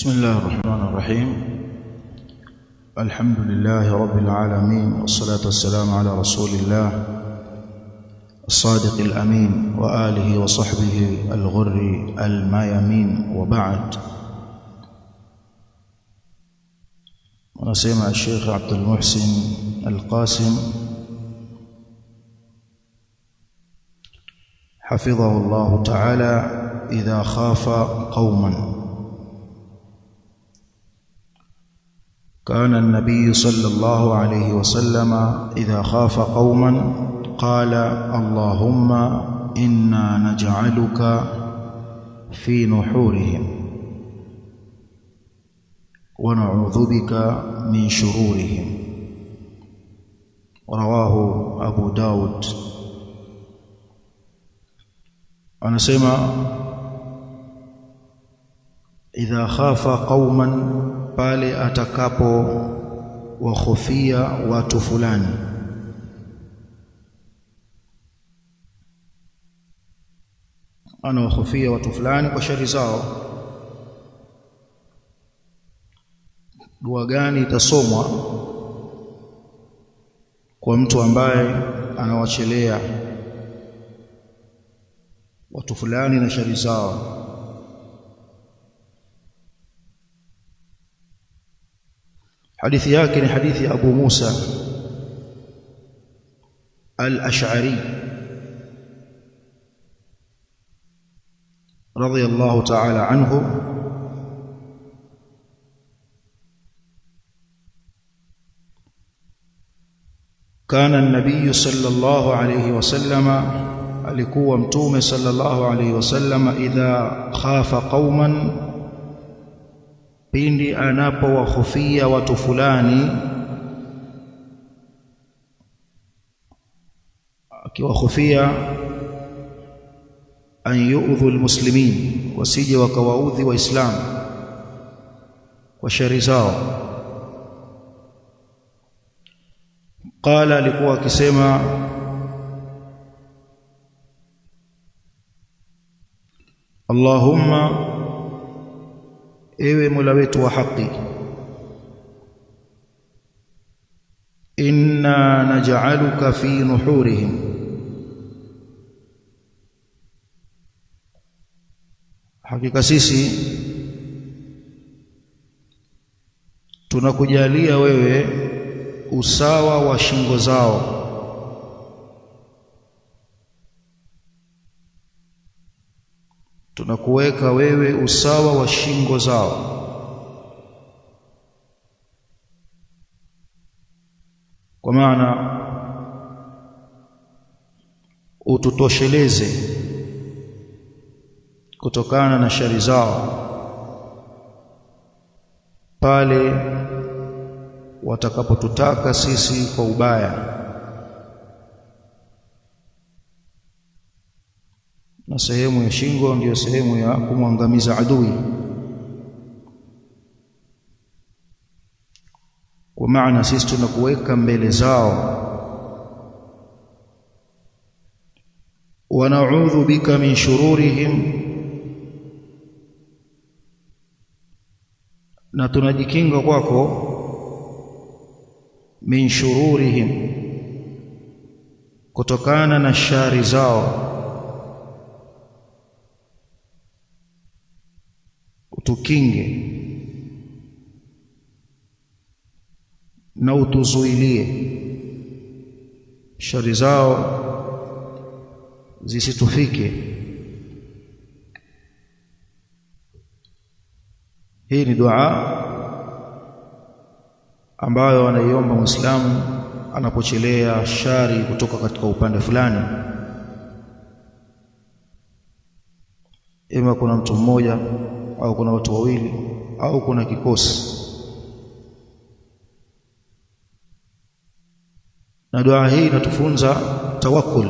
بسم الله الرحمن الرحيم الحمد لله رب العالمين والصلاة والسلام على رسول الله الصادق الأمين وآله وصحبه الغر الميامين وبعد ونسيم الشيخ عبد المحسن القاسم حفظه الله تعالى إذا خاف قوماً كان النبي صلى الله عليه وسلم إذا خاف قوما قال اللهم إنا نجعلك في نحورهم ونعوذ بك من شرورهم رواه أبو داود سيما إذا خاف قوما pale wahofia watu fulani anawahofia watu fulani kwa shari zao dua gani itasomwa kwa mtu ambaye anawachelea watu fulani na shari zao حديث هكذا حديث أبو موسى الأشعري رضي الله تعالى عنه كان النبي صلى الله عليه وسلم لكوة متومة صلى الله عليه وسلم إذا خاف قوماً pindi anapowahofia watu fulani akiwahofia an yu'dhu almuslimin wasije wakawaudhi waislamu kwa shari zao qala alikuwa akisema Allahumma ewe Mola wetu wa haki inna naj'aluka fi nuhurihim hakika sisi tunakujalia wewe usawa wa shingo zao tunakuweka wewe usawa wa shingo zao kwa maana ututosheleze kutokana na shari zao pale watakapotutaka sisi kwa ubaya na sehemu ya shingo ndiyo sehemu ya kumwangamiza adui kwa maana sisi tunakuweka mbele zao wanaudhu bika min shururihim na tunajikinga kwako min shururihim kutokana na shari zao tukinge na utuzuilie shari zao zisitufike hii ni dua ambayo anaiomba Muislamu anapochelea shari kutoka katika upande fulani ima kuna mtu mmoja au kuna watu wawili au kuna kikosi na dua hii inatufunza tawakkul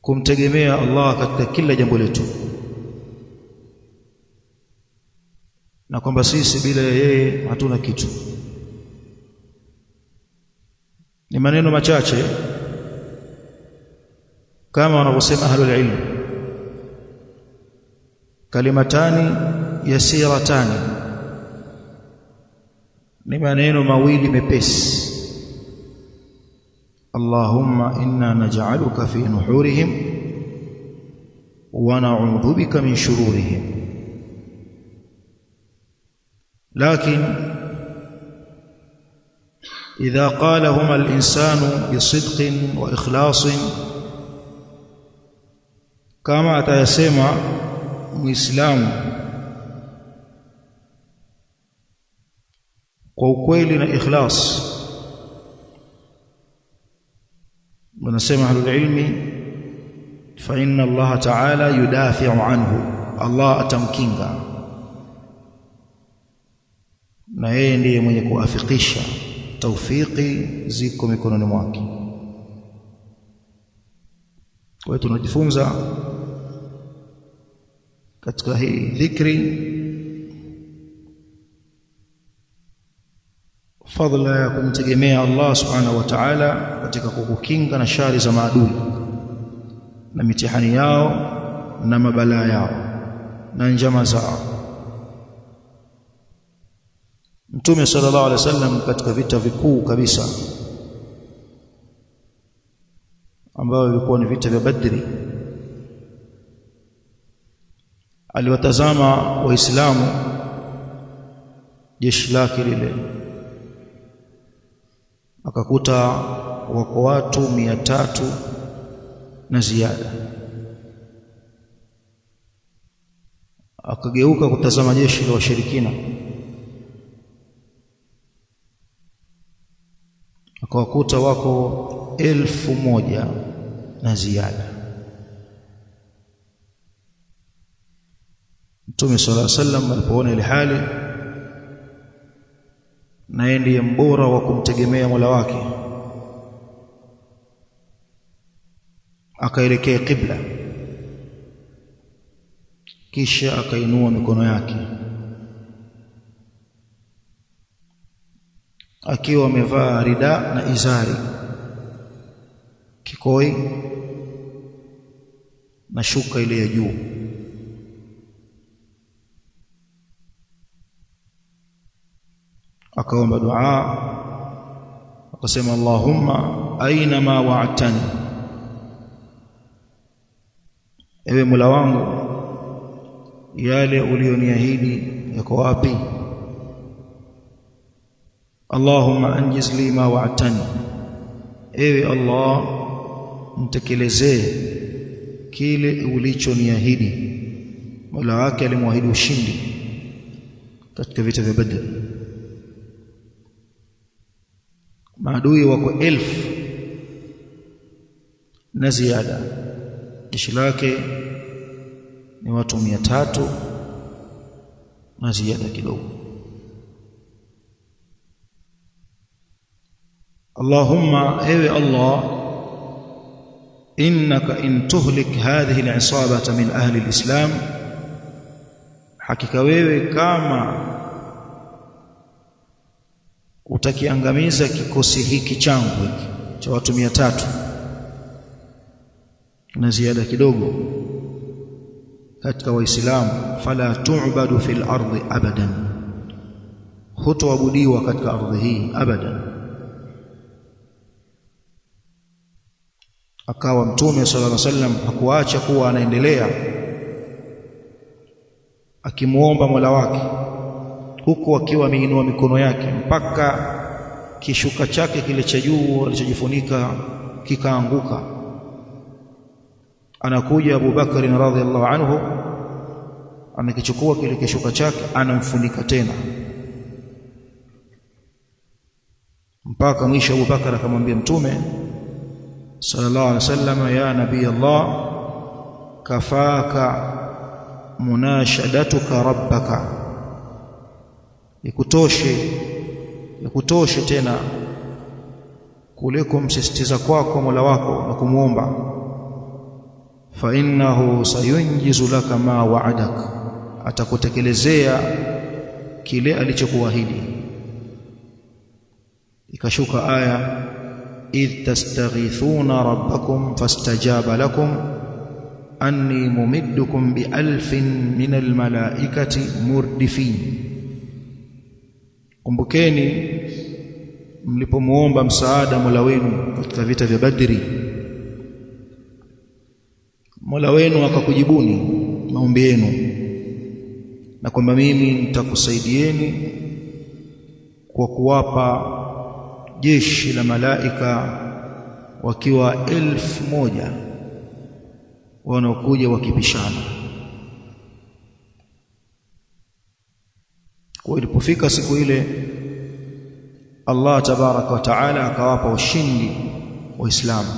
kumtegemea Allah katika kila jambo letu na kwamba sisi bila yeye hatuna kitu ni maneno machache kama wanavyosema ahlul ilm kalimatani yasiratani ni maneno mawili mepesi Allahumma inna naj'aluka fi nuhurihim wa na'udhu bika min shururihim lakin إذا قالهما الإنسان بصدق وإخلاص كما أتيسمع muislamu kwa ukweli na ikhlas wanasema ahlul ilmi fa inna Allah ta'ala yudafi'u anhu Allah atamkinga na yeye ndiye mwenye kuafikisha taufiki ziko mikononi mwake kwa hiyo tunajifunza katika hii dhikri fadla ya kumtegemea Allah subhanahu wa ta'ala katika kukukinga na shari za maadui na mitihani yao na mabalaa yao na njama zao Mtume sallallahu alaihi wasallam katika vita vikuu kabisa ambavyo vilikuwa ni vita vya Badri aliwatazama waislamu jeshi lake lile akakuta wako watu mia tatu na ziada akageuka kutazama jeshi la washirikina akawakuta wako elfu moja na ziada Mtume sala sallam alipoona ile hali, naye ndiye mbora wa kumtegemea Mola wake, akaelekea kibla, kisha akainua mikono yake akiwa amevaa rida na izari kikoi na shuka ile ya juu akaomba dua akasema Allahumma aina ma wa'tani ewe mula wangu yale ulioniahidi yako wapi Allahumma anjiz li ma wa'tani ewe Allah mtekelezee kile ulichoniahidi Mola wake alimwahidi ushindi katika vita vya badri maadui wako elfu na ziada jeshi lake ni watu mia tatu na ziada kidogo Allahumma ewe Allah innaka in tuhlik hadhihi al-isabata min ahli al-islam hakika wewe kama utakiangamiza kikosi hiki changu cha watu mia tatu na ziada kidogo katika waislamu fala tu'badu fil ardi abadan hutoabudiwa katika ardhi hii abadan akawa mtume sallallahu alaihi wasallam hakuacha kuwa anaendelea akimuomba Mola wake huku akiwa ameinua mikono yake mpaka kishuka chake kile cha juu alichojifunika kikaanguka. Anakuja Abu Bakari radhiallahu anhu, amekichukua kile kishuka chake, anamfunika tena mpaka mwisho. Abu Bakari akamwambia Mtume sallallahu alaihi wasallam, ya nabii Allah, kafaka munashadatuka rabbaka ikutoshe ikutoshe tena kuliko msisitiza kwako Mola wako na kumwomba fa innahu sayunjizu laka ma wa'adak atakutekelezea kile alichokuahidi ikashuka aya id tastaghithuna rabbakum fastajaba lakum anni mumiddukum bi alfin min almalaikati murdifin kumbukeni mlipomuomba msaada Mola wenu katika vita vya Badri Mola wenu akakujibuni maombi yenu na kwamba mimi nitakusaidieni kwa kuwapa jeshi la malaika wakiwa elfu moja wanaokuja wakipishana kwa ilipofika siku ile Allah tabaraka wa taala akawapa ushindi waislamu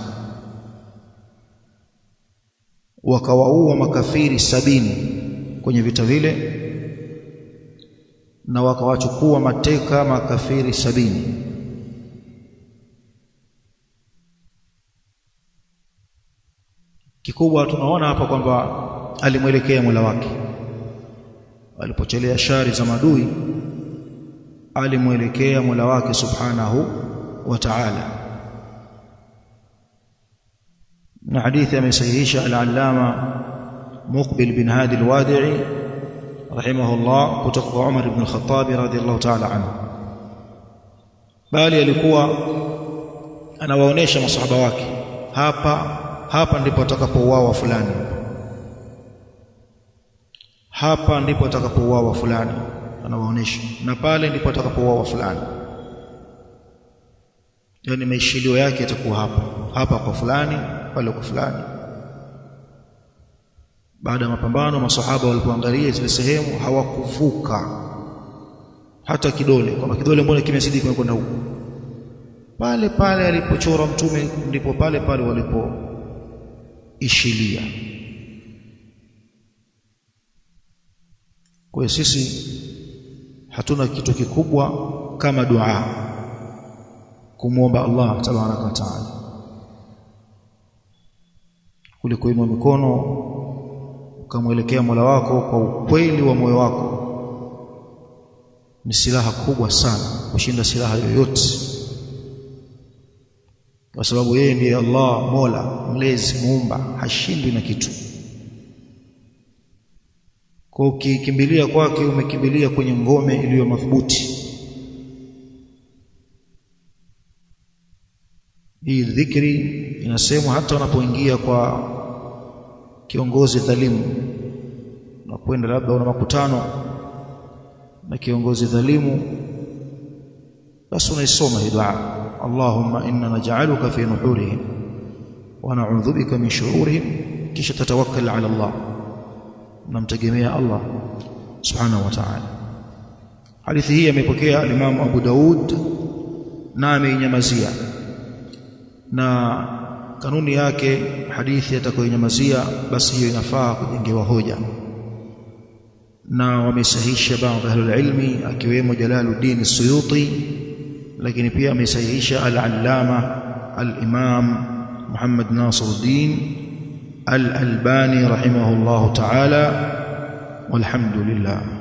wakawaua makafiri sabini kwenye vita vile na wakawachukua mateka makafiri sabini kikubwa tunaona hapa kwamba alimwelekea mula wake alipochelea shari za madui alimwelekea Mola wake subhanahu wa ta'ala na hadithi amesahihisha al-allama Muqbil bin Hadi al-Wadi'i rahimahullah kutoka kwa Umar ibn al-Khattab radhiyallahu ta'ala anhu bali alikuwa anawaonesha masahaba wake hapa hapa ndipo atakapouawa fulani hapa ndipo atakapouawa fulani anawaonyesha na pale ndipo atakapouawa fulani yani maishilio yake yatakuwa hapa hapa kwa fulani pale kwa fulani baada ya mapambano masahaba walipoangalia zile sehemu hawakuvuka hata kidole kwamba kidole mbona kimezidi kwenda huko pale pale alipochora mtume ndipo pale pale walipoishilia kwa sisi hatuna kitu kikubwa kama dua kumwomba Allah tabaraka wa taala kule kuinua mikono ukamwelekea Mola wako kwa ukweli wa moyo wako ni silaha kubwa sana kushinda silaha yoyote kwa sababu yeye ndiye Allah Mola mlezi muumba hashindwi na kitu kwa ukikimbilia kwake umekimbilia kwenye ngome iliyo madhubuti. Hii dhikri inasemwa hata unapoingia kwa kiongozi dhalimu, unakwenda labda una makutano na kiongozi dhalimu, basi unaisoma hii dua, Allahumma inna naj'aluka fi nuhurihim wa na'udhu bika min shururihim, kisha tatawakkal ala Allah namtegemea Allah subhanahu wa ta'ala hadithi hii amepokea alimamu Abu Daud na ameinyamazia na kanuni yake hadithi atakayoinyamazia basi hiyo inafaa kujengewa hoja na wamesahihisha baadhi ahlul ilmi akiwemo Jalaluddin Suyuti lakini pia amesahihisha al-Allama al-Imam Muhammad Nasiruddin الألباني رحمه الله تعالى والحمد لله